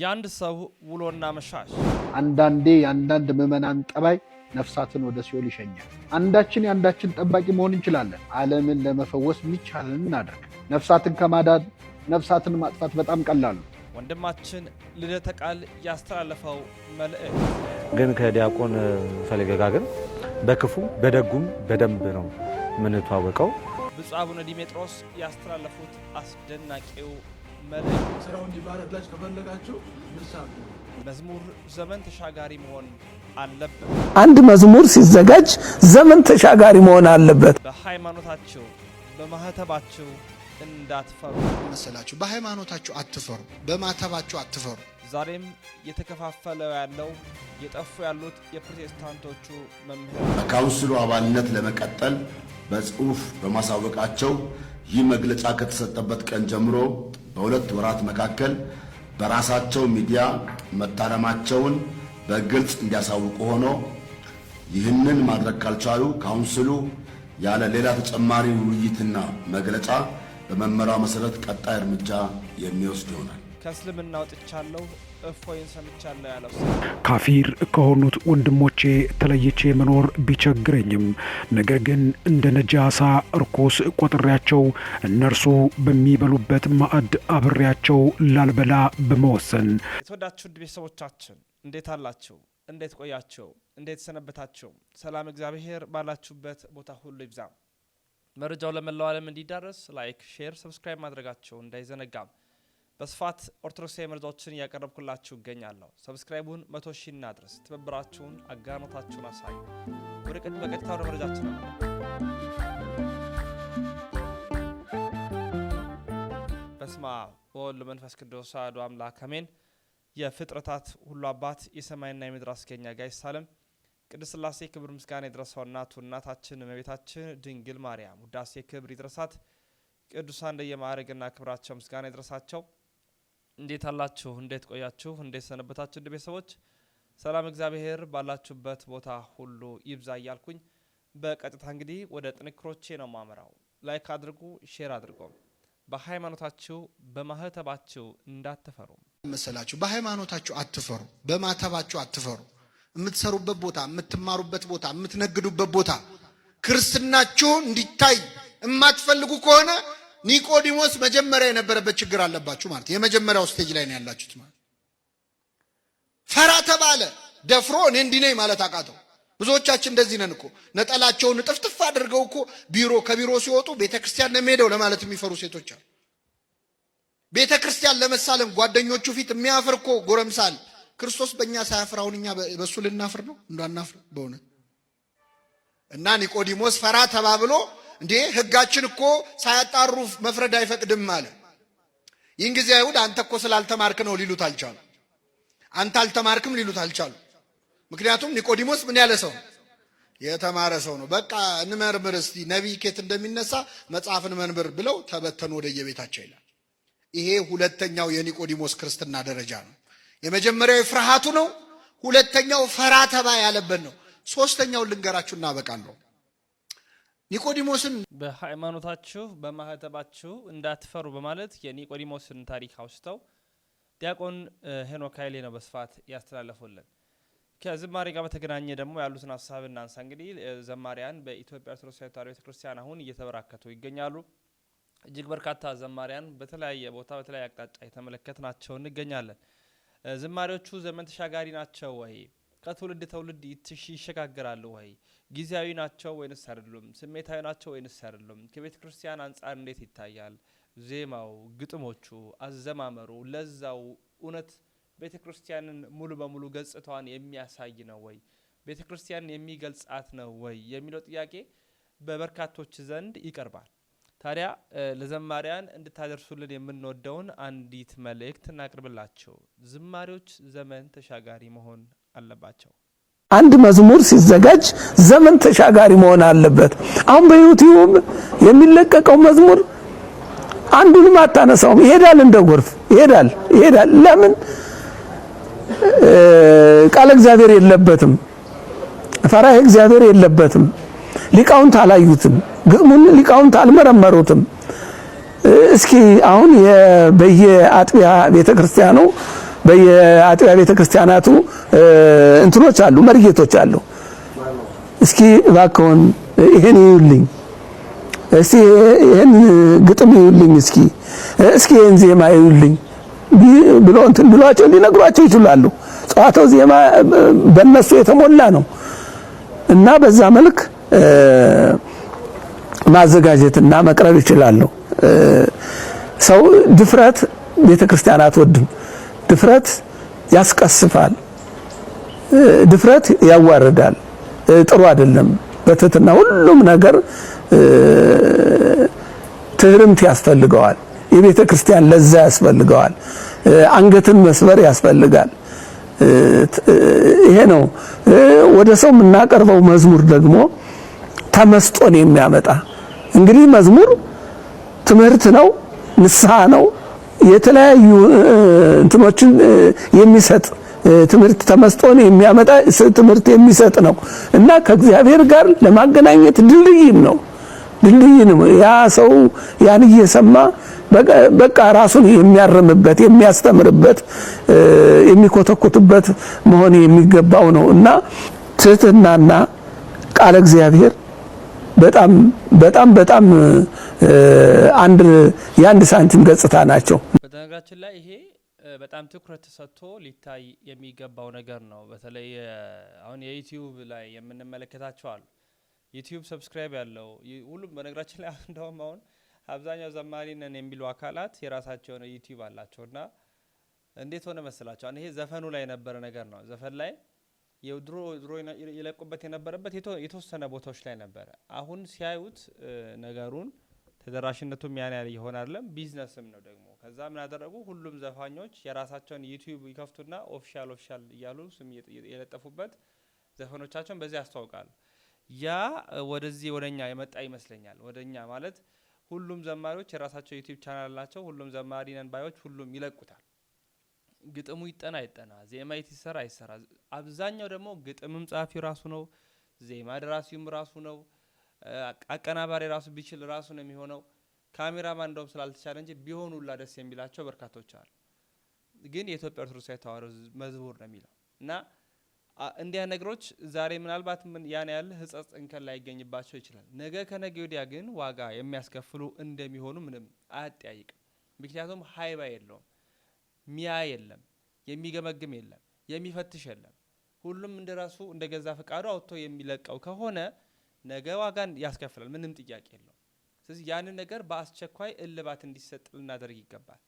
የአንድ ሰው ውሎና መሻሽ አንዳንዴ የአንዳንድ ምዕመናን ጠባይ ነፍሳትን ወደ ሲኦል ይሸኛል። አንዳችን የአንዳችን ጠባቂ መሆን እንችላለን። ዓለምን ለመፈወስ የሚቻለን እናደርግ። ነፍሳትን ከማዳን ነፍሳትን ማጥፋት በጣም ቀላሉ። ወንድማችን ልደተ ቃል ያስተላለፈው መልእክት ግን ከዲያቆን ፈለገ ጋር ግን በክፉ በደጉም በደንብ ነው የምንተዋወቀው። ብፁዕ አቡነ ዲሜጥሮስ ያስተላለፉት አስደናቂው መልእክት ስራው ከፈለጋችሁ ምሳሌ መዝሙር ዘመን ተሻጋሪ መሆን አለበት። አንድ መዝሙር ሲዘጋጅ ዘመን ተሻጋሪ መሆን አለበት። በሃይማኖታችሁ በማህተባችሁ እንዳትፈሩ መሰላችሁ። በሃይማኖታችሁ አትፈሩ፣ በማህተባችሁ አትፈሩ። ዛሬም የተከፋፈለው ያለው የጠፉ ያሉት የፕሮቴስታንቶቹ መምህር በካውንስሉ አባልነት ለመቀጠል በጽሁፍ በማሳወቃቸው ይህ መግለጫ ከተሰጠበት ቀን ጀምሮ በሁለት ወራት መካከል በራሳቸው ሚዲያ መታረማቸውን በግልጽ እንዲያሳውቁ ሆኖ ይህንን ማድረግ ካልቻሉ ካውንስሉ ያለ ሌላ ተጨማሪ ውይይትና መግለጫ በመመሪያው መሰረት ቀጣይ እርምጃ የሚወስድ ይሆናል። ከእስልምና ወጥቻለሁ እፎይን ሰምቻለሁ ያለው ካፊር ከሆኑት ወንድሞቼ ተለይቼ መኖር ቢቸግረኝም ነገር ግን እንደ ነጃሳ እርኩስ ቆጥሬያቸው እነርሱ በሚበሉበት ማዕድ አብሬያቸው ላልበላ በመወሰን የተወዳችሁ ውድ ቤተሰቦቻችን እንዴት አላችሁ? እንዴት ቆያችሁ? እንዴት ሰነበታችሁ? ሰላም እግዚአብሔር ባላችሁበት ቦታ ሁሉ ይብዛ። መረጃው ለመላው ዓለም እንዲዳረስ ላይክ፣ ሼር፣ ሰብስክራይብ ማድረጋቸው እንዳይዘነጋም በስፋት ኦርቶዶክሳዊ መረጃዎችን እያቀረብኩላችሁ እገኛለሁ። ሰብስክራይቡን መቶ ሺህ እናድረስ። ትብብራችሁን አጋርነታችሁን አሳዩ። ወደ በቀጥታ ወደ መረጃችን ነው። በስመ አብ ወወልድ ቅዱስ አሐዱ አምላክ አሜን። የፍጥረታት ሁሉ አባት የሰማይና የምድር አስገኛ ጋይስ ሳለም ቅድስት ስላሴ ክብር ምስጋና የደረሰው እናቱ እናታችን እመቤታችን ድንግል ማርያም ውዳሴ ክብር ይድረሳት። ቅዱሳን እንደየማዕረግና ክብራቸው ምስጋና የደረሳቸው። እንዴት አላችሁ? እንዴት ቆያችሁ? እንዴት ሰነበታችሁ? እንደ ቤተሰቦች ሰላም እግዚአብሔር ባላችሁበት ቦታ ሁሉ ይብዛ እያልኩኝ በቀጥታ እንግዲህ ወደ ጥንክሮቼ ነው ማምራው። ላይክ አድርጉ፣ ሼር አድርጎ በሃይማኖታችሁ በማህተባችሁ እንዳትፈሩ መሰላችሁ። በሃይማኖታችሁ አትፈሩ፣ በማተባችሁ አትፈሩ። የምትሰሩበት ቦታ፣ የምትማሩበት ቦታ፣ የምትነግዱበት ቦታ ክርስትናችሁ እንዲታይ የማትፈልጉ ከሆነ ኒቆዲሞስ መጀመሪያ የነበረበት ችግር አለባችሁ ማለት የመጀመሪያው ስቴጅ ላይ ነው ያላችሁት ማለት። ፈራ ተባለ ደፍሮ እኔ እንዲህ ነኝ ማለት አቃተው። ብዙዎቻችን እንደዚህ ነን እኮ ነጠላቸውን ጥፍጥፍ አድርገው እኮ ቢሮ ከቢሮ ሲወጡ ቤተ ክርስቲያን ነው የሚሄደው ለማለት የሚፈሩ ሴቶች አሉ። ቤተ ክርስቲያን ለመሳለም ጓደኞቹ ፊት የሚያፍር እኮ ጎረምሳል። ክርስቶስ በእኛ ሳያፍር አሁን እኛ በእሱ ልናፍር ነው? እንዳናፍር በእውነት እና ኒቆዲሞስ ፈራ ተባብሎ እንዴ ህጋችን እኮ ሳያጣሩ መፍረድ አይፈቅድም አለ። ይህን ጊዜ አይሁድ አንተ እኮ ስላልተማርክ ነው ሊሉት አልቻሉ። አንተ አልተማርክም ሊሉት አልቻሉ። ምክንያቱም ኒቆዲሞስ ምን ያለ ሰው የተማረ ሰው ነው። በቃ እንመርምር እስቲ ነቢይ ኬት እንደሚነሳ መጽሐፍ መንብር ብለው ተበተኑ የቤታቸው ይላል። ይሄ ሁለተኛው የኒቆዲሞስ ክርስትና ደረጃ ነው። የመጀመሪያው ፍርሃቱ ነው። ሁለተኛው ፈራ ተባ ያለበት ነው። ሶስተኛውን ልንገራችሁ እናበቃለሁ። ኒቆዲሞስን በሃይማኖታችሁ በማህተባችሁ እንዳትፈሩ በማለት የኒቆዲሞስን ታሪክ አውስተው ዲያቆን ሄኖክ ኃይሌ ነው በስፋት ያስተላለፉልን። ከዝማሬ ጋር በተገናኘ ደግሞ ያሉትን ሀሳብ እናንሳ። እንግዲህ ዘማሪያን በኢትዮጵያ ኦርቶዶክስ ተዋሕዶ ቤተክርስቲያን አሁን እየተበራከቱ ይገኛሉ። እጅግ በርካታ ዘማሪያን በተለያየ ቦታ በተለያየ አቅጣጫ የተመለከት ናቸው እንገኛለን። ዝማሬዎቹ ዘመን ተሻጋሪ ናቸው ወይ? ከትውልድ ትውልድ ይሸጋገራሉ ወይ? ጊዜያዊ ናቸው ወይንስ አይደሉም? ስሜታዊ ናቸው ወይንስ አይደሉም? ከቤተ ክርስቲያን አንጻር እንዴት ይታያል? ዜማው፣ ግጥሞቹ፣ አዘማመሩ፣ ለዛው እውነት ቤተ ክርስቲያንን ሙሉ በሙሉ ገጽታዋን የሚያሳይ ነው ወይ? ቤተ ክርስቲያንን የሚገልጻት ነው ወይ የሚለው ጥያቄ በበርካቶች ዘንድ ይቀርባል። ታዲያ ለዘማሪያን እንድታደርሱልን የምንወደውን አንዲት መልእክት እናቅርብላቸው። ዝማሪዎች ዘመን ተሻጋሪ መሆን አለባቸው። አንድ መዝሙር ሲዘጋጅ ዘመን ተሻጋሪ መሆን አለበት። አሁን በዩቲዩብ የሚለቀቀው መዝሙር አንዱንም አታነሳውም። ይሄዳል፣ እንደ ጎርፍ ይሄዳል፣ ይሄዳል። ለምን? ቃለ እግዚአብሔር የለበትም፣ ፈራህ እግዚአብሔር የለበትም። ሊቃውንት አላዩትም፣ ግጥሙን ሊቃውንት አልመረመሩትም። እስኪ አሁን በየአጥቢያ ቤተክርስቲያኑ በየአጥቢያ ቤተ ክርስቲያናቱ እንትኖች አሉ፣ መርጌቶች አሉ። እስኪ እባክዎን ይሄን ይዩልኝ፣ እስኪ ይሄን ግጥም ይዩልኝ፣ እስኪ እስኪ ይሄን ዜማ ይዩልኝ ብሎ እንትን ብሏቸው ሊነግሯቸው ይችላሉ። ጸዋተው ዜማ በእነሱ የተሞላ ነው እና በዛ መልክ ማዘጋጀትና መቅረብ ይችላሉ። ሰው ድፍረት ቤተክርስቲያናት አትወድም። ድፍረት ያስቀስፋል፣ ድፍረት ያዋርዳል። ጥሩ አይደለም። በትህትና ሁሉም ነገር ትህርምት ያስፈልገዋል። የቤተ ክርስቲያን ለዛ ያስፈልገዋል። አንገትን መስበር ያስፈልጋል። ይሄ ነው። ወደ ሰው የምናቀርበው መዝሙር ደግሞ ተመስጦን የሚያመጣ እንግዲህ መዝሙር ትምህርት ነው፣ ንስሐ ነው፣ የተለያዩ እንትኖችን የሚሰጥ ትምህርት ተመስጦን የሚያመጣ ትምህርት የሚሰጥ ነው እና ከእግዚአብሔር ጋር ለማገናኘት ድልድይም ነው። ድልድይ ነው። ያ ሰው ያን እየሰማ በቃ ራሱን የሚያርምበት የሚያስተምርበት፣ የሚኮተኩትበት መሆን የሚገባው ነው እና ትህትናና ቃለ እግዚአብሔር በጣም በጣም በጣም አንድ የአንድ ሳንቲም ገጽታ ናቸው። በነገራችን ላይ ይሄ በጣም ትኩረት ሰጥቶ ሊታይ የሚገባው ነገር ነው። በተለይ አሁን የዩቲዩብ ላይ የምንመለከታቸው አሉ። ዩቲዩብ ሰብስክራይብ ያለው ሁሉም በነገራችን ላይ እንደውም አሁን አብዛኛው ዘማሪ ነን የሚሉ አካላት የራሳቸው የሆነ ዩቲዩብ አላቸው እና እንዴት ሆነ መስላቸው ይሄ ዘፈኑ ላይ የነበረ ነገር ነው። ዘፈን ላይ የድሮ ድሮ ይለቁበት የነበረበት የተወሰነ ቦታዎች ላይ ነበረ። አሁን ሲያዩት ነገሩን ተደራሽነቱም ያን ያህል የሆነ አይደለም። ቢዝነስም ነው ደግሞ። ከዛ ምን ያደረጉ ሁሉም ዘፋኞች የራሳቸውን ዩቲዩብ ይከፍቱና ኦፊሻል ኦፊሻል እያሉ ስም የለጠፉበት ዘፈኖቻቸውን በዚህ ያስተዋውቃል። ያ ወደዚህ ወደኛ የመጣ ይመስለኛል። ወደኛ ማለት ሁሉም ዘማሪዎች የራሳቸው ዩቲዩብ ቻናል ናቸው። ሁሉም ዘማሪ ነን ባዮች ሁሉም ይለቁታል። ግጥሙ ይጠና ይጠና፣ ዜማ ይሰራ ይሰራ። አብዛኛው ደግሞ ግጥምም ጸሐፊው ራሱ ነው፣ ዜማ ደራሲውም ራሱ ነው። አቀናባሪ ራሱ ቢችል ራሱ ነው የሚሆነው። ካሜራማን እንደውም ስላልተቻለ እንጂ ቢሆኑላ ሁላ ደስ የሚላቸው በርካቶች አሉ። ግን የኢትዮጵያ ኦርቶዶክሳዊ ተዋሕዶ መዝሙር ነው የሚለው እና እንዲያ ነገሮች ዛሬ ምናልባት ያን ያህል ህጸጽ እንከን ላይገኝባቸው ይችላል። ነገ ከነገ ወዲያ ግን ዋጋ የሚያስከፍሉ እንደሚሆኑ ምንም አያጠያይቅም። ምክንያቱም ሀይባ የለውም፣ ሚያ የለም፣ የሚገመግም የለም፣ የሚፈትሽ የለም። ሁሉም እንደራሱ እንደ ገዛ ፈቃዱ አውጥቶ የሚለቀው ከሆነ ነገ ዋጋን ያስከፍላል። ምንም ጥያቄ የለውም። ስለዚህ ያንን ነገር በአስቸኳይ እልባት እንዲሰጥ ልናደርግ ይገባል።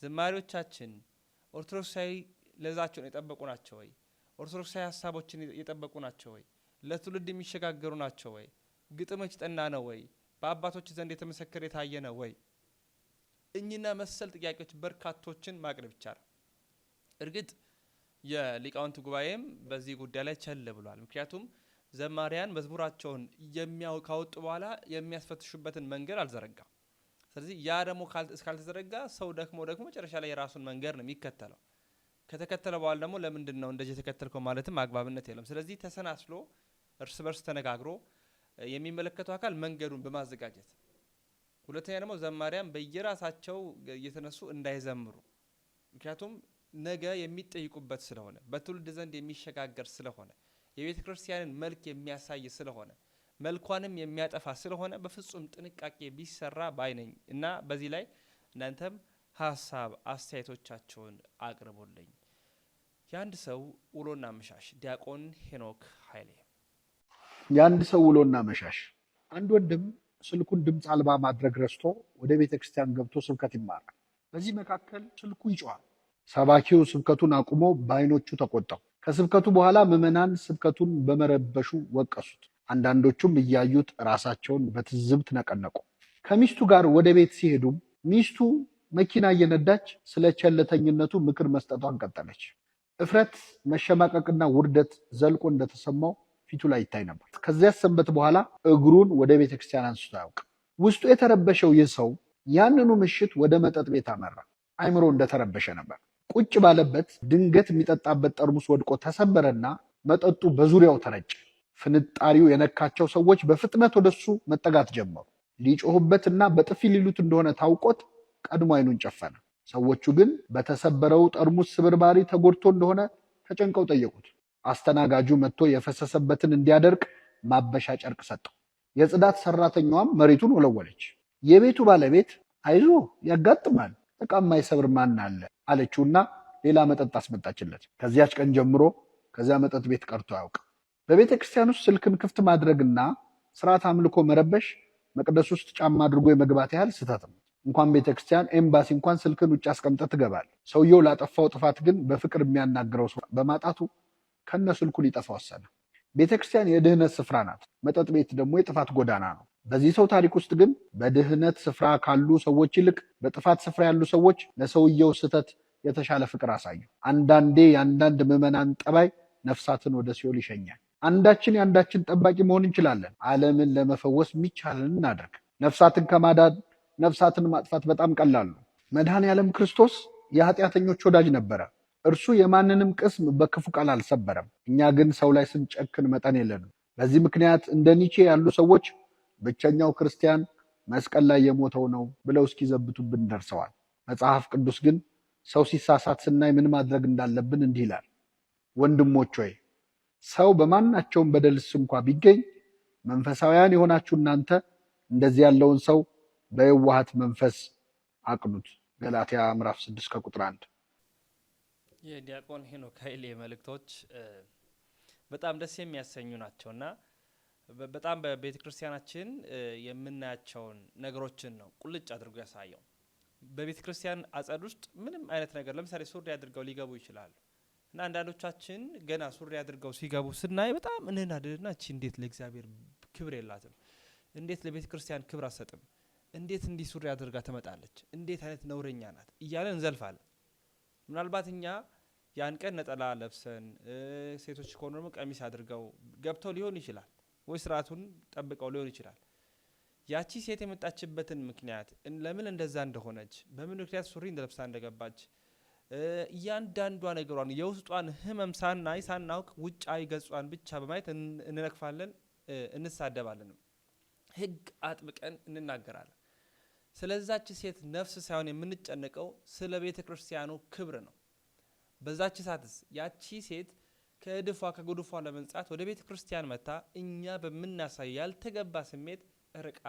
ዝማሪዎቻችን ኦርቶዶክሳዊ ለዛቸውን የጠበቁ ናቸው ወይ? ኦርቶዶክሳዊ ሀሳቦችን የጠበቁ ናቸው ወይ? ለትውልድ የሚሸጋገሩ ናቸው ወይ? ግጥሞች ጠና ነው ወይ? በአባቶች ዘንድ የተመሰከረ የታየ ነው ወይ? እኚህና መሰል ጥያቄዎች በርካቶችን ማቅረብ ይቻላል። እርግጥ የሊቃውንት ጉባኤም በዚህ ጉዳይ ላይ ቸል ብሏል። ምክንያቱም ዘማሪያን መዝሙራቸውን ካወጡ በኋላ የሚያስፈትሹበትን መንገድ አልዘረጋም። ስለዚህ ያ ደግሞ እስካልተዘረጋ ሰው ደክሞ ደግሞ መጨረሻ ላይ የራሱን መንገድ ነው የሚከተለው። ከተከተለ በኋላ ደግሞ ለምንድን ነው እንደዚህ የተከተልከው ማለትም አግባብነት የለም። ስለዚህ ተሰናስሎ እርስ በርስ ተነጋግሮ የሚመለከተው አካል መንገዱን በማዘጋጀት ሁለተኛ ደግሞ ዘማሪያን በየራሳቸው እየተነሱ እንዳይዘምሩ ምክንያቱም ነገ የሚጠይቁበት ስለሆነ በትውልድ ዘንድ የሚሸጋገር ስለሆነ የቤተ ክርስቲያንን መልክ የሚያሳይ ስለሆነ መልኳንም የሚያጠፋ ስለሆነ በፍጹም ጥንቃቄ ቢሰራ ባይነኝ እና በዚህ ላይ እናንተም ሀሳብ አስተያየቶቻቸውን አቅርቡልኝ። የአንድ ሰው ውሎና መሻሽ ዲያቆን ሄኖክ ኃይሌ። የአንድ ሰው ውሎና መሻሽ አንድ ወንድም ስልኩን ድምፅ አልባ ማድረግ ረስቶ ወደ ቤተ ክርስቲያን ገብቶ ስብከት ይማራል። በዚህ መካከል ስልኩ ይጮኋል። ሰባኪው ስብከቱን አቁሞ በአይኖቹ ተቆጣው። ከስብከቱ በኋላ ምዕመናን ስብከቱን በመረበሹ ወቀሱት። አንዳንዶቹም እያዩት ራሳቸውን በትዝብት ነቀነቁ። ከሚስቱ ጋር ወደ ቤት ሲሄዱም ሚስቱ መኪና እየነዳች ስለ ቸለተኝነቱ ምክር መስጠቷን ቀጠለች። እፍረት፣ መሸማቀቅና ውርደት ዘልቆ እንደተሰማው ፊቱ ላይ ይታይ ነበር። ከዚያ ሰንበት በኋላ እግሩን ወደ ቤተ ክርስቲያን አንስቶ ያውቅ። ውስጡ የተረበሸው ይህ ሰው ያንኑ ምሽት ወደ መጠጥ ቤት አመራ። አይምሮ እንደተረበሸ ነበር። ቁጭ ባለበት ድንገት የሚጠጣበት ጠርሙስ ወድቆ ተሰበረና መጠጡ በዙሪያው ተረጨ። ፍንጣሪው የነካቸው ሰዎች በፍጥነት ወደሱ መጠጋት ጀመሩ። ሊጮሁበትና በጥፊ ሊሉት እንደሆነ ታውቆት ቀድሞ አይኑን ጨፈነ። ሰዎቹ ግን በተሰበረው ጠርሙስ ስብርባሪ ተጎድቶ እንደሆነ ተጨንቀው ጠየቁት። አስተናጋጁ መጥቶ የፈሰሰበትን እንዲያደርቅ ማበሻ ጨርቅ ሰጠው። የጽዳት ሰራተኛዋም መሬቱን ወለወለች። የቤቱ ባለቤት አይዞ ያጋጥማል ዕቃ የማይሰብር ማን አለ አለችውና ሌላ መጠጥ አስመጣችለት። ከዚያች ቀን ጀምሮ ከዚያ መጠጥ ቤት ቀርቶ አያውቅም። በቤተ ክርስቲያን ውስጥ ስልክን ክፍት ማድረግና ስርዓት አምልኮ መረበሽ መቅደስ ውስጥ ጫማ አድርጎ የመግባት ያህል ስህተት ነው። እንኳን ቤተ ክርስቲያን ኤምባሲ እንኳን ስልክን ውጭ አስቀምጠ ትገባል። ሰውየው ላጠፋው ጥፋት ግን በፍቅር የሚያናግረው ሰው በማጣቱ ከነ ስልኩ ሊጠፋ ወሰነ። ቤተ ክርስቲያን የድህነት ስፍራ ናት፣ መጠጥ ቤት ደግሞ የጥፋት ጎዳና ነው። በዚህ ሰው ታሪክ ውስጥ ግን በድህነት ስፍራ ካሉ ሰዎች ይልቅ በጥፋት ስፍራ ያሉ ሰዎች ለሰውየው ስህተት የተሻለ ፍቅር አሳዩ። አንዳንዴ የአንዳንድ ምዕመናን ጠባይ ነፍሳትን ወደ ሲኦል ይሸኛል። አንዳችን የአንዳችን ጠባቂ መሆን እንችላለን። ዓለምን ለመፈወስ የሚቻለን እናደርግ። ነፍሳትን ከማዳን ነፍሳትን ማጥፋት በጣም ቀላሉ። መድኃኔ ዓለም ክርስቶስ የኃጢአተኞች ወዳጅ ነበረ። እርሱ የማንንም ቅስም በክፉ ቃል አልሰበረም። እኛ ግን ሰው ላይ ስንጨክን መጠን የለንም። በዚህ ምክንያት እንደ ኒቼ ያሉ ሰዎች ብቸኛው ክርስቲያን መስቀል ላይ የሞተው ነው ብለው እስኪዘብቱብን ደርሰዋል። መጽሐፍ ቅዱስ ግን ሰው ሲሳሳት ስናይ ምን ማድረግ እንዳለብን እንዲህ ይላል፣ ወንድሞች ሆይ ሰው በማናቸውም በደልስ እንኳ ቢገኝ መንፈሳውያን የሆናችሁ እናንተ እንደዚህ ያለውን ሰው በየዋሃት መንፈስ አቅኑት። ገላትያ ምዕራፍ 6 ከቁጥር 1። የዲያቆን ሄኖክ ኃይሌ መልእክቶች በጣም ደስ የሚያሰኙ ናቸውና በጣም በቤተ ክርስቲያናችን የምናያቸውን ነገሮችን ነው ቁልጭ አድርጎ ያሳየው። በቤተ ክርስቲያን አጸድ ውስጥ ምንም አይነት ነገር ለምሳሌ ሱሪ አድርገው ሊገቡ ይችላሉ እና አንዳንዶቻችን ገና ሱሪ አድርገው ሲገቡ ስናይ በጣም እንናደድና እቺ እንዴት ለእግዚአብሔር ክብር የላትም፣ እንዴት ለቤተ ክርስቲያን ክብር አትሰጥም፣ እንዴት እንዲህ ሱሪ አድርጋ ትመጣለች፣ እንዴት አይነት ነውረኛ ናት እያለን እንዘልፋለን። ምናልባት እኛ ያን ቀን ነጠላ ለብሰን ሴቶች ከሆኑ ደግሞ ቀሚስ አድርገው ገብተው ሊሆን ይችላል ወይ ስርዓቱን ጠብቀው ሊሆን ይችላል። ያቺ ሴት የመጣችበትን ምክንያት ለምን እንደዛ እንደሆነች፣ በምን ምክንያት ሱሪ እንደለብሳ እንደገባች እያንዳንዷ ነገሯን የውስጧን ህመም ሳናይ ሳናውቅ ውጫዊ ገጿን ብቻ በማየት እንነቅፋለን፣ እንሳደባለን ህግ አጥብቀን እንናገራለን። ስለዛች ሴት ነፍስ ሳይሆን የምንጨነቀው ስለ ቤተ ክርስቲያኑ ክብር ነው። በዛች ሰዓትስ ያቺ ሴት ከእድፏ ከጉድፏ ለመንጻት ወደ ቤተ ክርስቲያን መጥታ እኛ በምናሳይ ያልተገባ ስሜት ርቃ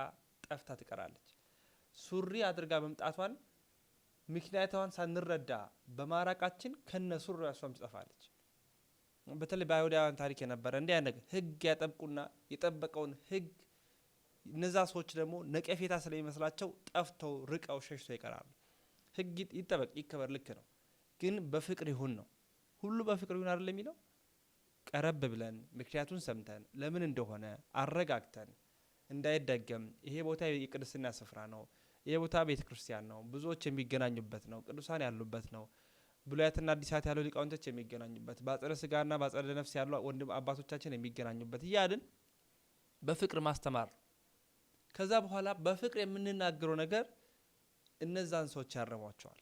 ጠፍታ ትቀራለች። ሱሪ አድርጋ መምጣቷን ምክንያቷን ሳንረዳ በማራቃችን ከነ ሱሪ ያሷም ትጠፋለች። በተለይ በአይሁዳውያን ታሪክ የነበረ እንዲህ አይነት ነገር ህግ ያጠብቁና የጠበቀውን ህግ እነዛ ሰዎች ደግሞ ነቀፌታ ስለሚመስላቸው ጠፍተው ርቀው ሸሽቶ ይቀራሉ። ህግ ይጠበቅ ይከበር፣ ልክ ነው፣ ግን በፍቅር ይሁን ነው። ሁሉ በፍቅር ይሁን አይደለም የሚለው ቀረብ ብለን ምክንያቱን ሰምተን ለምን እንደሆነ አረጋግተን እንዳይደገም ይሄ ቦታ የቅድስና ስፍራ ነው፣ ይሄ ቦታ ቤተ ክርስቲያን ነው፣ ብዙዎች የሚገናኙበት ነው፣ ቅዱሳን ያሉበት ነው፣ ብሉያትና አዲሳት ያሉ ሊቃውንቶች የሚገናኙበት በአጸደ ስጋና በአጸደ ነፍስ ያሉ ወንድም አባቶቻችን የሚገናኙበት እያልን በፍቅር ማስተማር ከዛ በኋላ በፍቅር የምንናገረው ነገር እነዛን ሰዎች ያረቧቸዋል።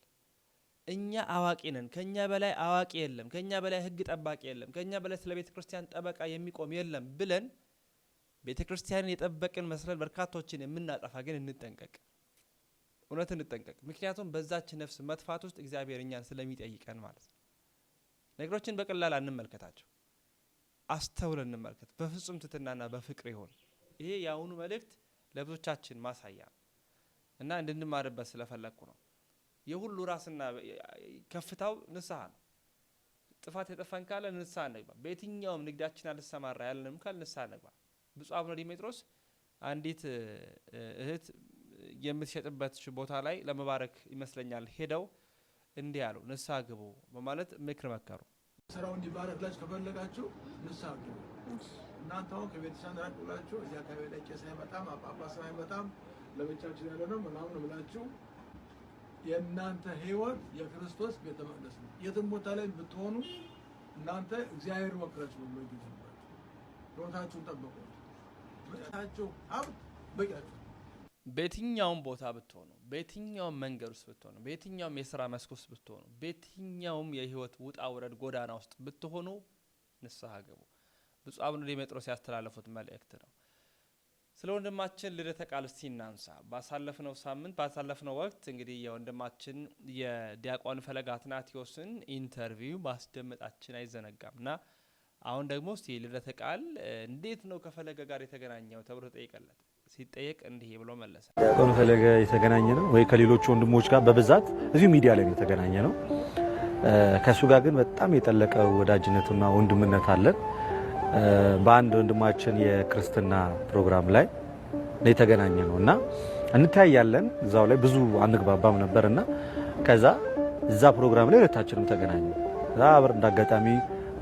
እኛ አዋቂ ነን። ከኛ በላይ አዋቂ የለም፣ ከኛ በላይ ህግ ጠባቂ የለም፣ ከኛ በላይ ስለ ቤተ ክርስቲያን ጠበቃ የሚቆም የለም ብለን ቤተ ክርስቲያንን የጠበቅን መስለን በርካቶችን የምናጠፋ ግን እንጠንቀቅ፣ እውነት እንጠንቀቅ። ምክንያቱም በዛች ነፍስ መጥፋት ውስጥ እግዚአብሔር እኛን ስለሚጠይቀን ማለት ነው። ነገሮችን በቀላል አንመልከታቸው፣ አስተውለን እንመልከት። በፍጹም ትትናና በፍቅር ይሆን። ይሄ የአሁኑ መልእክት ለብዙቻችን ማሳያ ነው እና እንድንማርበት ስለፈለግኩ ነው። የሁሉ ራስና ከፍታው ንስሐ ነው። ጥፋት የጠፋን ካለ ንስሐ እንግባ። በየትኛውም ንግዳችን አልሰማራ ያለንም ካል ንስሐ እንግባ። ብፁዕ አቡነ ዲሜጥሮስ አንዲት እህት የምትሸጥበት ቦታ ላይ ለመባረክ ይመስለኛል ሄደው እንዲህ አሉ፣ ንስሐ ግቡ በማለት ምክር መከሩ። ስራው እንዲባረክላችሁ ከፈለጋችሁ ንስሐ ግቡ። እናንተ አሁን ከቤተሰብ ራቅ ብላችሁ እዚህ አካባቢ ላይ ቄስ አይመጣም፣ ጳጳስ አይመጣም፣ ለብቻችን ያለ ነው ምናምን ብላችሁ የእናንተ ህይወት የክርስቶስ ቤተ መቅደስ ነው። የትም ቦታ ላይ ብትሆኑ እናንተ እግዚአብሔር ወክላችሁ ነው ነው ይባላል። ህይወታችሁን ጠብቁ። በታችሁ ሀብት በቂያችሁ። በየትኛውም ቦታ ብትሆኑ፣ በየትኛውም መንገድ ውስጥ ብትሆኑ፣ በየትኛውም የስራ መስክ ውስጥ ብትሆኑ፣ በየትኛውም የህይወት ውጣ ውረድ ጎዳና ውስጥ ብትሆኑ ንስሐ ግቡ። ብፁዕ አቡነ ዲሜጥሮስ ያስተላለፉት መልእክት ነው። ስለ ወንድማችን ልደተ ቃል እስቲ እናንሳ። ባሳለፍነው ሳምንት ባሳለፍነው ወቅት እንግዲህ የወንድማችን የዲያቆን ፈለገ አትናቴዎስን ኢንተርቪው ማስደመጣችን አይዘነጋም እና አሁን ደግሞ እስቲ ልደተ ቃል እንዴት ነው ከፈለገ ጋር የተገናኘው ተብሎ ተጠይቀለት ሲጠየቅ እንዲህ ብሎ መለሰ። ዲያቆን ፈለገ የተገናኘ ነው ወይ ከሌሎቹ ወንድሞች ጋር በብዛት እዚሁ ሚዲያ ላይ የተገናኘ ነው። ከእሱ ጋር ግን በጣም የጠለቀ ወዳጅነትና ወንድምነት አለን። በአንድ ወንድማችን የክርስትና ፕሮግራም ላይ የተገናኘ ነው እና እንታያለን። እዛው ላይ ብዙ አንግባባም ነበር እና ከዛ እዛ ፕሮግራም ላይ ሁለታችንም ተገናኘ። አብረን እንዳጋጣሚ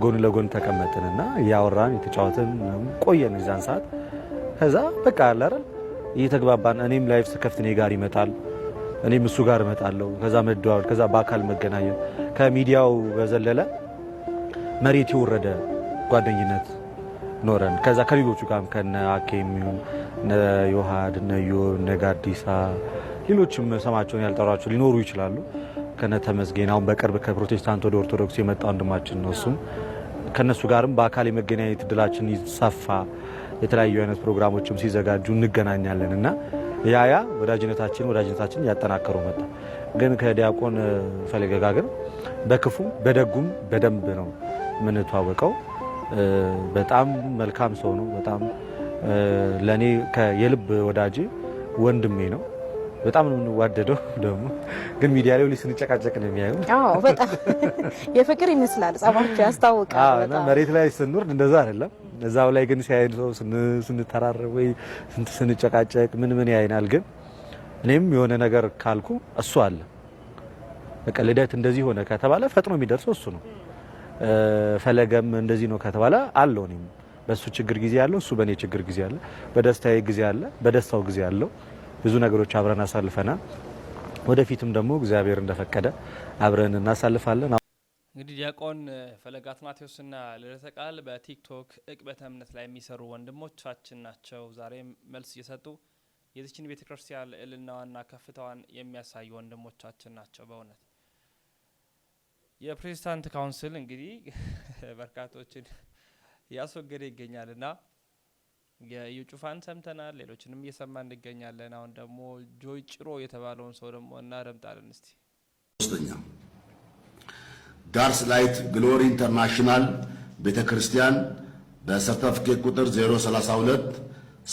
ጎን ለጎን ተቀመጥን እና እያወራን የተጫወትን ቆየን እዛን ሰዓት። ከዛ በቃ አለ አይደል እየተግባባን፣ እኔም ላይፍ ስከፍት እኔ ጋር ይመጣል፣ እኔም እሱ ጋር እመጣለሁ። ከዛ መደዋወል፣ ከዛ በአካል መገናኘት፣ ከሚዲያው በዘለለ መሬት የወረደ ጓደኝነት ኖረን ከዛ ከሌሎቹ ጋር ከነ አኬም እነ ዮሐድ እነ እነ ጋዲሳ ሌሎችም ስማቸውን ያልጠሯቸው ሊኖሩ ይችላሉ። ከነ ተመስገን አሁን በቅርብ ከፕሮቴስታንት ወደ ኦርቶዶክስ የመጣ ወንድማችን ነው። እሱም ከእነሱ ጋርም በአካል የመገናኘት እድላችን ይሰፋ፣ የተለያዩ አይነት ፕሮግራሞችም ሲዘጋጁ እንገናኛለን እና ያያ ወዳጅነታችን ወዳጅነታችን ያጠናከሩ መጣ። ግን ከዲያቆን ፈለገ ጋር ግን በክፉም በደጉም በደንብ ነው የምንተዋወቀው። በጣም መልካም ሰው ነው። በጣም ለእኔ የልብ ወዳጅ ወንድሜ ነው። በጣም ነው የምንዋደደው። ደግሞ ግን ሚዲያ ላይ ሁሌ ስንጨቃጨቅ ነው የሚያዩ። አዎ በጣም የፍቅር ይመስላል ጸባቸው ያስታውቃል። እና መሬት ላይ ስንወርድ እንደዛ አይደለም። እዛው ላይ ግን ሲያይን ሰው ስንተራረብ ወይ ስንጨቃጨቅ ምን ምን ያይናል። ግን እኔም የሆነ ነገር ካልኩ እሱ አለ። በቃ ልደት እንደዚህ ሆነ ከተባለ ፈጥኖ የሚደርሰው እሱ ነው። ፈለገም እንደዚህ ነው ከተባለ አለው። እኔም በእሱ ችግር ጊዜ ያለው እሱ በእኔ ችግር ጊዜ አለ፣ በደስታዬ ጊዜ አለ፣ በደስታው ጊዜ አለው። ብዙ ነገሮች አብረን አሳልፈናል። ወደፊትም ደግሞ እግዚአብሔር እንደፈቀደ አብረን እናሳልፋለን። እንግዲህ ዲያቆን ፈለገ አትናቴዎስና ልደተ ቃል በቲክቶክ እቅበተ እምነት ላይ የሚሰሩ ወንድሞቻችን ናቸው። ዛሬ መልስ እየሰጡ የዚችን ቤተ ክርስቲያን ልዕልናዋና ከፍታዋን የሚያሳዩ ወንድሞቻችን ናቸው በእውነት የፕሬዚዳንት ካውንስል እንግዲህ በርካቶችን እያስወገደ ይገኛል እና የእዩ ጩፋን ሰምተናል፣ ሌሎችንም እየሰማ እንገኛለን። አሁን ደግሞ ጆይ ጭሮ የተባለውን ሰው ደግሞ እናደምጣለን። እስቲ ሶስተኛ ጋርስ ላይት ግሎሪ ኢንተርናሽናል ቤተ ክርስቲያን በሰርተፍኬት ቁጥር 032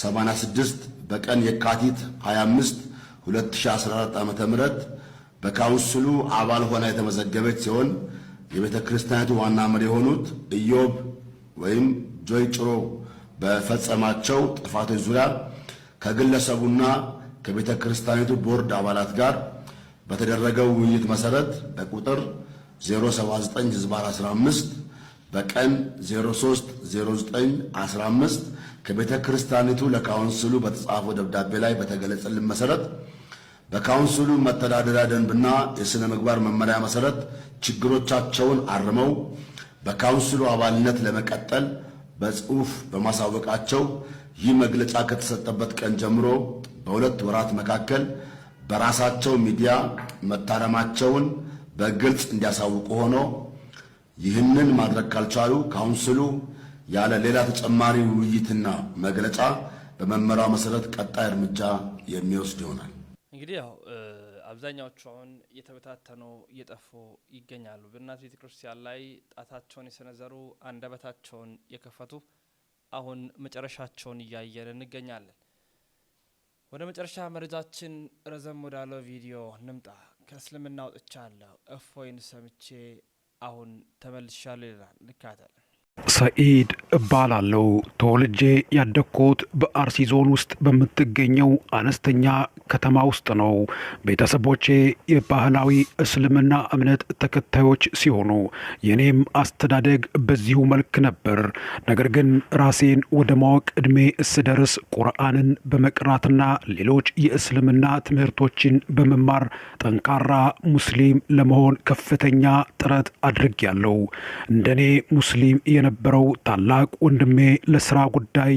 86 በቀን የካቲት 25 2014 ም በካውንስሉ አባል ሆና የተመዘገበች ሲሆን የቤተ ክርስቲያኒቱ ዋና መሪ የሆኑት ኢዮብ ወይም ጆይ ጭሮ በፈጸማቸው ጥፋቶች ዙሪያ ከግለሰቡና ከቤተ ክርስቲያኒቱ ቦርድ አባላት ጋር በተደረገው ውይይት መሰረት በቁጥር 079 15 በቀን 030915 ከቤተ ክርስቲያኒቱ ለካውንስሉ በተጻፈው ደብዳቤ ላይ በተገለጸልን መሰረት በካውንስሉ መተዳደሪያ ደንብና የሥነ ምግባር መመሪያ መሠረት ችግሮቻቸውን አርመው በካውንስሉ አባልነት ለመቀጠል በጽሑፍ በማሳወቃቸው ይህ መግለጫ ከተሰጠበት ቀን ጀምሮ በሁለት ወራት መካከል በራሳቸው ሚዲያ መታረማቸውን በግልጽ እንዲያሳውቁ ሆኖ ይህንን ማድረግ ካልቻሉ ካውንስሉ ያለ ሌላ ተጨማሪ ውይይትና መግለጫ በመመሪያው መሠረት ቀጣይ እርምጃ የሚወስድ ይሆናል። እንግዲህ ያው አብዛኛዎቹ አሁን እየተበታተኑ እየጠፉ ይገኛሉ። በእናት ቤተ ክርስቲያን ላይ ጣታቸውን የሰነዘሩ አንደበታቸውን የከፈቱ አሁን መጨረሻቸውን እያየን እንገኛለን። ወደ መጨረሻ መረጃችን ረዘም ወዳለው ቪዲዮ ንምጣ። ከእስልምና ወጥቻለሁ እፎይን ሰምቼ አሁን ተመልሻለሁ ይላል። ልካተል ሰኢድ እባላለሁ። ተወልጄ ያደግኩት በአርሲ ዞን ውስጥ በምትገኘው አነስተኛ ከተማ ውስጥ ነው። ቤተሰቦቼ የባህላዊ እስልምና እምነት ተከታዮች ሲሆኑ የኔም አስተዳደግ በዚሁ መልክ ነበር። ነገር ግን ራሴን ወደ ማወቅ ዕድሜ ስደርስ ቁርአንን በመቅራትና ሌሎች የእስልምና ትምህርቶችን በመማር ጠንካራ ሙስሊም ለመሆን ከፍተኛ ጥረት አድርጌያለሁ። እንደኔ ሙስሊም የነበረው ታላቅ ወንድሜ ለስራ ጉዳይ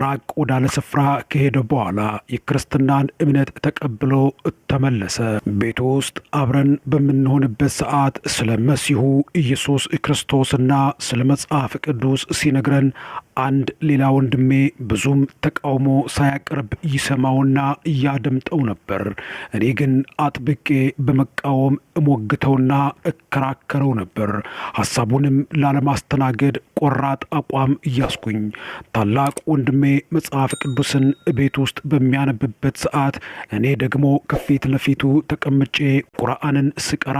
ራቅ ወዳለ ስፍራ ከሄደ በኋላ የክርስትናን እምነት ተቀብሎ ተመለሰ። ቤቱ ውስጥ አብረን በምንሆንበት ሰዓት ስለ መሲሁ ኢየሱስ ክርስቶስና ስለ መጽሐፍ ቅዱስ ሲነግረን አንድ ሌላ ወንድሜ ብዙም ተቃውሞ ሳያቀርብ ይሰማውና እያደምጠው ነበር። እኔ ግን አጥብቄ በመቃወም እሞግተውና እከራከረው ነበር። ሀሳቡንም ላለማስተናገድ ቆራጥ አቋም እያስኩኝ ታላቅ ወንድሜ መጽሐፍ ቅዱስን ቤት ውስጥ በሚያነብበት ሰዓት እኔ ደግሞ ከፊት ለፊቱ ተቀምጬ ቁርአንን ስቀራ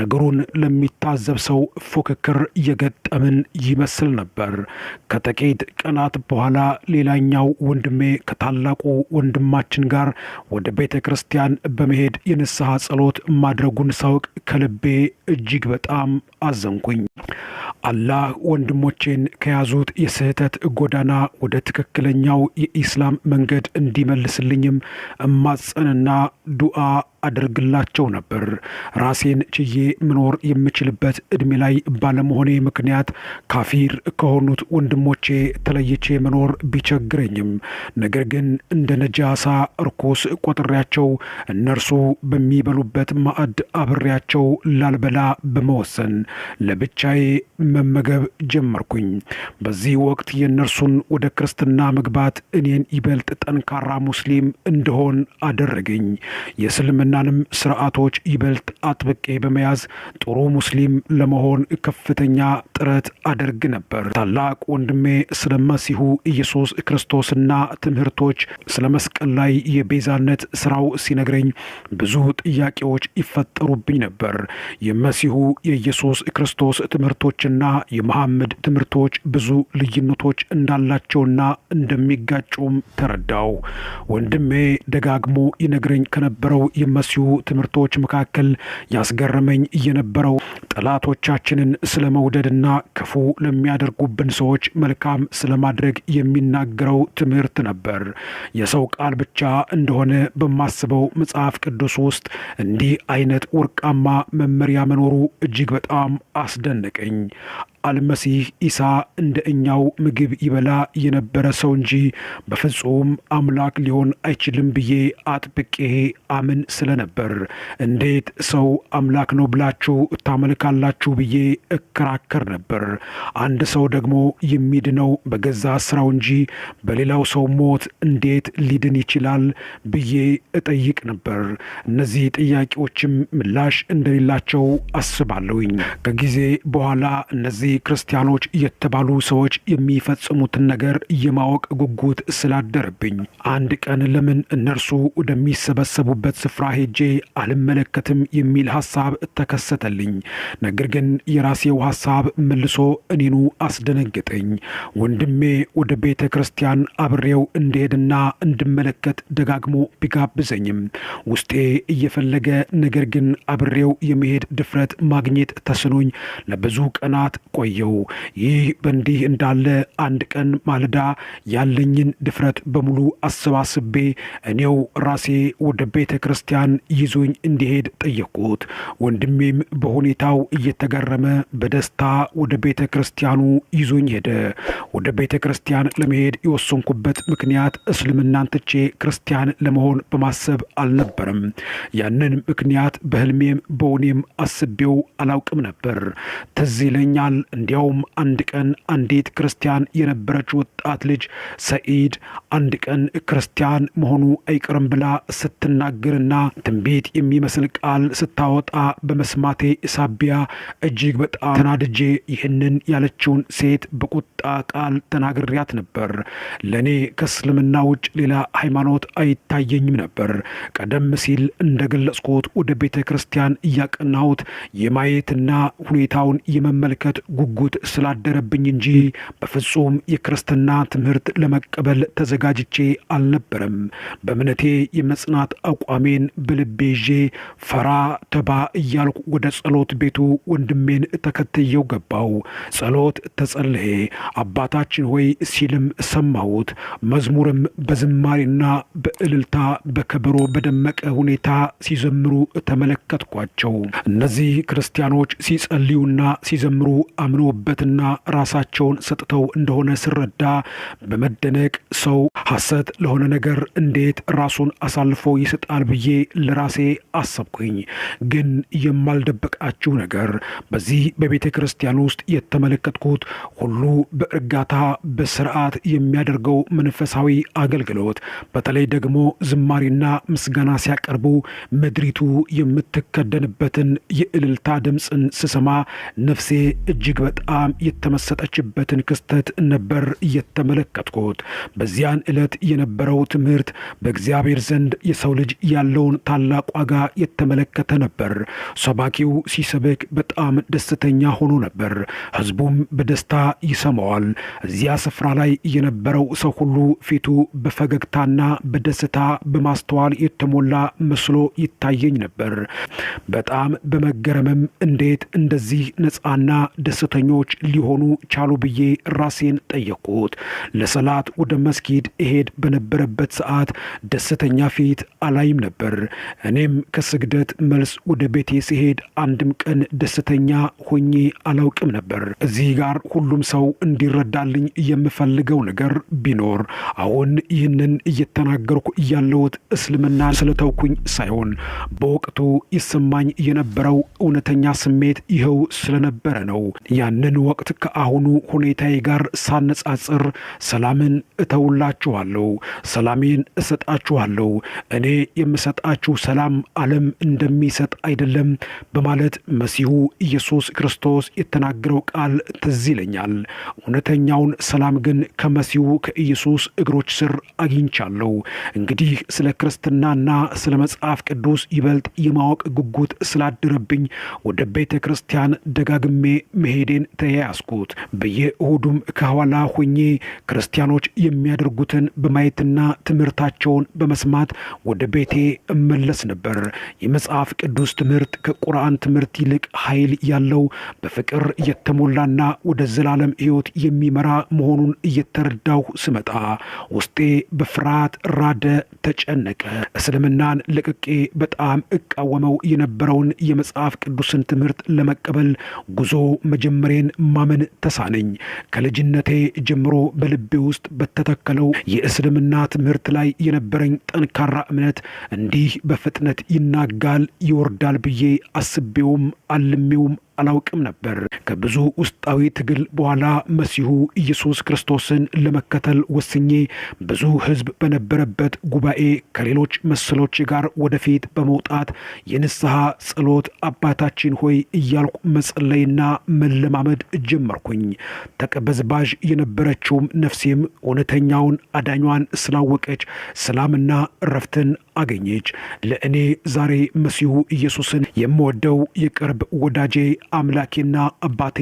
ነገሩን ለሚታዘብ ሰው ፉክክር የገጠምን ይመስል ነበር። ከጠቂ ከጥቂት ቀናት በኋላ ሌላኛው ወንድሜ ከታላቁ ወንድማችን ጋር ወደ ቤተ ክርስቲያን በመሄድ የንስሐ ጸሎት ማድረጉን ሳውቅ ከልቤ እጅግ በጣም አዘንኩኝ። አላህ ወንድሞቼን ከያዙት የስህተት ጎዳና ወደ ትክክለኛው የኢስላም መንገድ እንዲመልስልኝም እማጸንና ዱአ አድርግላቸው ነበር። ራሴን ችዬ መኖር የምችልበት እድሜ ላይ ባለመሆኔ ምክንያት ካፊር ከሆኑት ወንድሞቼ ተለይቼ መኖር ቢቸግረኝም ነገር ግን እንደ ነጃሳ እርኩስ ቆጥሬያቸው እነርሱ በሚበሉበት ማዕድ አብሬያቸው ላልበላ በመወሰን ለብቻዬ መመገብ ጀመርኩኝ። በዚህ ወቅት የእነርሱን ወደ ክርስትና መግባት እኔን ይበልጥ ጠንካራ ሙስሊም እንደሆን አደረገኝ። የእስልምና የእስልምናንም ስርዓቶች ይበልጥ አጥብቄ በመያዝ ጥሩ ሙስሊም ለመሆን ከፍተኛ ጥረት አደርግ ነበር። ታላቅ ወንድሜ ስለ መሲሁ ኢየሱስ ክርስቶስና ትምህርቶች ስለ መስቀል ላይ የቤዛነት ስራው ሲነግረኝ ብዙ ጥያቄዎች ይፈጠሩብኝ ነበር። የመሲሁ የኢየሱስ ክርስቶስ ትምህርቶችና የመሐመድ ትምህርቶች ብዙ ልዩነቶች እንዳላቸውና እንደሚጋጩም ተረዳው። ወንድሜ ደጋግሞ ይነግረኝ ከነበረው የመ ከመሲሁ ትምህርቶች መካከል ያስገረመኝ የነበረው ጠላቶቻችንን ስለ መውደድና ክፉ ለሚያደርጉብን ሰዎች መልካም ስለማድረግ የሚናገረው ትምህርት ነበር። የሰው ቃል ብቻ እንደሆነ በማስበው መጽሐፍ ቅዱስ ውስጥ እንዲህ አይነት ወርቃማ መመሪያ መኖሩ እጅግ በጣም አስደነቀኝ። አልመሲህ ኢሳ እንደ እኛው ምግብ ይበላ የነበረ ሰው እንጂ በፍጹም አምላክ ሊሆን አይችልም ብዬ አጥብቄ አምን ስለነበር እንዴት ሰው አምላክ ነው ብላችሁ ታመልካላችሁ ብዬ እከራከር ነበር። አንድ ሰው ደግሞ የሚድነው በገዛ ስራው እንጂ በሌላው ሰው ሞት እንዴት ሊድን ይችላል ብዬ እጠይቅ ነበር። እነዚህ ጥያቄዎችም ምላሽ እንደሌላቸው አስባለሁኝ። ከጊዜ በኋላ እነዚህ ክርስቲያኖች የተባሉ ሰዎች የሚፈጽሙትን ነገር የማወቅ ጉጉት ስላደረብኝ አንድ ቀን ለምን እነርሱ ወደሚሰበሰቡበት ስፍራ ሄጄ አልመለከትም የሚል ሀሳብ ተከሰተልኝ። ነገር ግን የራሴው ሀሳብ መልሶ እኔኑ አስደነገጠኝ። ወንድሜ ወደ ቤተ ክርስቲያን አብሬው እንድሄድና እንድመለከት ደጋግሞ ቢጋብዘኝም ውስጤ እየፈለገ ነገር ግን አብሬው የመሄድ ድፍረት ማግኘት ተስኖኝ ለብዙ ቀናት ቆየው። ይህ በእንዲህ እንዳለ አንድ ቀን ማለዳ ያለኝን ድፍረት በሙሉ አሰባስቤ እኔው ራሴ ወደ ቤተ ክርስቲያን ይዞኝ እንዲሄድ ጠየቁት። ወንድሜም በሁኔታው እየተገረመ በደስታ ወደ ቤተ ክርስቲያኑ ይዞኝ ሄደ። ወደ ቤተ ክርስቲያን ለመሄድ የወሰንኩበት ምክንያት እስልምናን ትቼ ክርስቲያን ለመሆን በማሰብ አልነበርም። ያንን ምክንያት በህልሜም በውኔም አስቤው አላውቅም ነበር። ትዝ ይለኛል እንዲያውም አንድ ቀን አንዲት ክርስቲያን የነበረች ወጣት ልጅ ሰኢድ አንድ ቀን ክርስቲያን መሆኑ አይቀርም ብላ ስትናገርና ትንቢት የሚመስል ቃል ስታወጣ በመስማቴ ሳቢያ እጅግ በጣም ተናድጄ ይህንን ያለችውን ሴት በቁጣ ቃል ተናግሪያት ነበር። ለእኔ ከእስልምና ውጭ ሌላ ሃይማኖት አይታየኝም ነበር። ቀደም ሲል እንደገለጽኩት ወደ ቤተ ክርስቲያን እያቀናሁት የማየትና ሁኔታውን የመመልከት ጉጉት ስላደረብኝ እንጂ በፍጹም የክርስትና ትምህርት ለመቀበል ተዘጋጅቼ አልነበረም። በእምነቴ የመጽናት አቋሜን በልቤ ይዤ ፈራ ተባ እያልኩ ወደ ጸሎት ቤቱ ወንድሜን ተከትየው ገባው። ጸሎት ተጸልሄ አባታችን ሆይ ሲልም ሰማሁት። መዝሙርም በዝማሬና በእልልታ በከበሮ በደመቀ ሁኔታ ሲዘምሩ ተመለከትኳቸው። እነዚህ ክርስቲያኖች ሲጸልዩና ሲዘምሩ አምነውበትና ራሳቸውን ሰጥተው እንደሆነ ስረዳ በመደነቅ ሰው ሐሰት ለሆነ ነገር እንዴት ራሱን አሳልፎ ይሰጣል ብዬ ለራሴ አሰብኩኝ። ግን የማልደበቃችሁ ነገር በዚህ በቤተ ክርስቲያን ውስጥ የተመለከትኩት ሁሉ በእርጋታ በስርዓት የሚያደርገው መንፈሳዊ አገልግሎት፣ በተለይ ደግሞ ዝማሬና ምስጋና ሲያቀርቡ ምድሪቱ የምትከደንበትን የእልልታ ድምፅን ስሰማ ነፍሴ እጅግ በጣም የተመሰጠችበትን ክስተት ነበር እየተመለከትኩት። በዚያን ዕለት የነበረው ትምህርት በእግዚአብሔር ዘንድ የሰው ልጅ ያለውን ታላቅ ዋጋ የተመለከተ ነበር። ሰባኪው ሲሰብክ በጣም ደስተኛ ሆኖ ነበር። ህዝቡም በደስታ ይሰማዋል። እዚያ ስፍራ ላይ የነበረው ሰው ሁሉ ፊቱ በፈገግታና በደስታ በማስተዋል የተሞላ መስሎ ይታየኝ ነበር። በጣም በመገረምም እንዴት እንደዚህ ነፃና ደስ ደስተኞች ሊሆኑ ቻሉ ብዬ ራሴን ጠየቁት። ለሰላት ወደ መስጊድ እሄድ በነበረበት ሰዓት ደስተኛ ፊት አላይም ነበር። እኔም ከስግደት መልስ ወደ ቤቴ ሲሄድ አንድም ቀን ደስተኛ ሆኜ አላውቅም ነበር። እዚህ ጋር ሁሉም ሰው እንዲረዳልኝ የምፈልገው ነገር ቢኖር አሁን ይህንን እየተናገርኩ እያለሁት እስልምና ስለተውኩኝ ሳይሆን በወቅቱ ይሰማኝ የነበረው እውነተኛ ስሜት ይኸው ስለነበረ ነው። ያንን ወቅት ከአሁኑ ሁኔታዬ ጋር ሳነጻጽር ሰላምን እተውላችኋለሁ፣ ሰላሜን እሰጣችኋለሁ። እኔ የምሰጣችሁ ሰላም ዓለም እንደሚሰጥ አይደለም በማለት መሲሁ ኢየሱስ ክርስቶስ የተናገረው ቃል ትዝ ይለኛል። እውነተኛውን ሰላም ግን ከመሲሁ ከኢየሱስ እግሮች ስር አግኝቻለሁ። እንግዲህ ስለ ክርስትናና ስለ መጽሐፍ ቅዱስ ይበልጥ የማወቅ ጉጉት ስላደረብኝ ወደ ቤተ ክርስቲያን ደጋግሜ መሄድ መሄዴን ተያያዝኩት። በየእሁዱም ከኋላ ሆኜ ክርስቲያኖች የሚያደርጉትን በማየትና ትምህርታቸውን በመስማት ወደ ቤቴ እመለስ ነበር። የመጽሐፍ ቅዱስ ትምህርት ከቁርአን ትምህርት ይልቅ ኃይል ያለው በፍቅር የተሞላና ወደ ዘላለም ሕይወት የሚመራ መሆኑን እየተረዳሁ ስመጣ ውስጤ በፍርሃት ራደ፣ ተጨነቀ። እስልምናን ለቅቄ በጣም እቃወመው የነበረውን የመጽሐፍ ቅዱስን ትምህርት ለመቀበል ጉዞ መጀመ መጀመሬን ማመን ተሳነኝ። ከልጅነቴ ጀምሮ በልቤ ውስጥ በተተከለው የእስልምና ትምህርት ላይ የነበረኝ ጠንካራ እምነት እንዲህ በፍጥነት ይናጋል፣ ይወርዳል ብዬ አስቤውም አልሜውም አላውቅም ነበር። ከብዙ ውስጣዊ ትግል በኋላ መሲሁ ኢየሱስ ክርስቶስን ለመከተል ወስኜ ብዙ ሕዝብ በነበረበት ጉባኤ ከሌሎች መሰሎች ጋር ወደፊት በመውጣት የንስሐ ጸሎት አባታችን ሆይ እያልኩ መጸለይና መለማመድ ጀመርኩኝ። ተቀበዝባዥ የነበረችውም ነፍሴም እውነተኛውን አዳኟን ስላወቀች ሰላምና እረፍትን አገኘች። ለእኔ ዛሬ መሲሁ ኢየሱስን የምወደው የቅርብ ወዳጄ አምላኬና አባቴ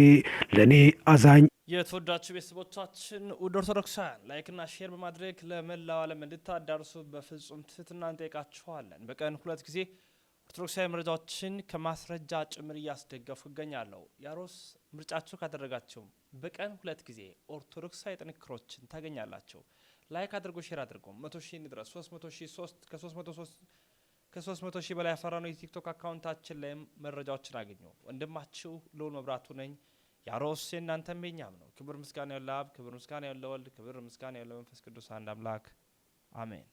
ለእኔ አዛኝ የተወዳችሁ ቤተሰቦቻችን ውድ ኦርቶዶክሳውያን ላይክና ሼር በማድረግ ለመላው ዓለም እንድታዳርሱ በፍጹም ትህትና እንጠይቃችኋለን። በቀን ሁለት ጊዜ ኦርቶዶክሳዊ መረጃዎችን ከማስረጃ ጭምር እያስደገፉ ይገኛለሁ። ያሮስ ምርጫችሁ ካደረጋችሁም በቀን ሁለት ጊዜ ኦርቶዶክሳዊ ጥንክሮችን ታገኛላችሁ። ላይክ አድርጎ ሼር አድርጎ መቶ ሺህ እንድረስ ሶስት መቶ ሺህ ሶስት ከሶስት መቶ ሶስት ከሶስት መቶ ሺህ በላይ ያፈራ ነው የቲክቶክ አካውንታችን ላይ መረጃዎችን አገኙ። ወንድማችሁ ልዑል መብራቱ ነኝ። ያሮስ እናንተም የኛም ነው። ክብር ምስጋና ያለ አብ፣ ክብር ምስጋና ያለ ወልድ፣ ክብር ምስጋና ያለ መንፈስ ቅዱስ አንድ አምላክ አሜን።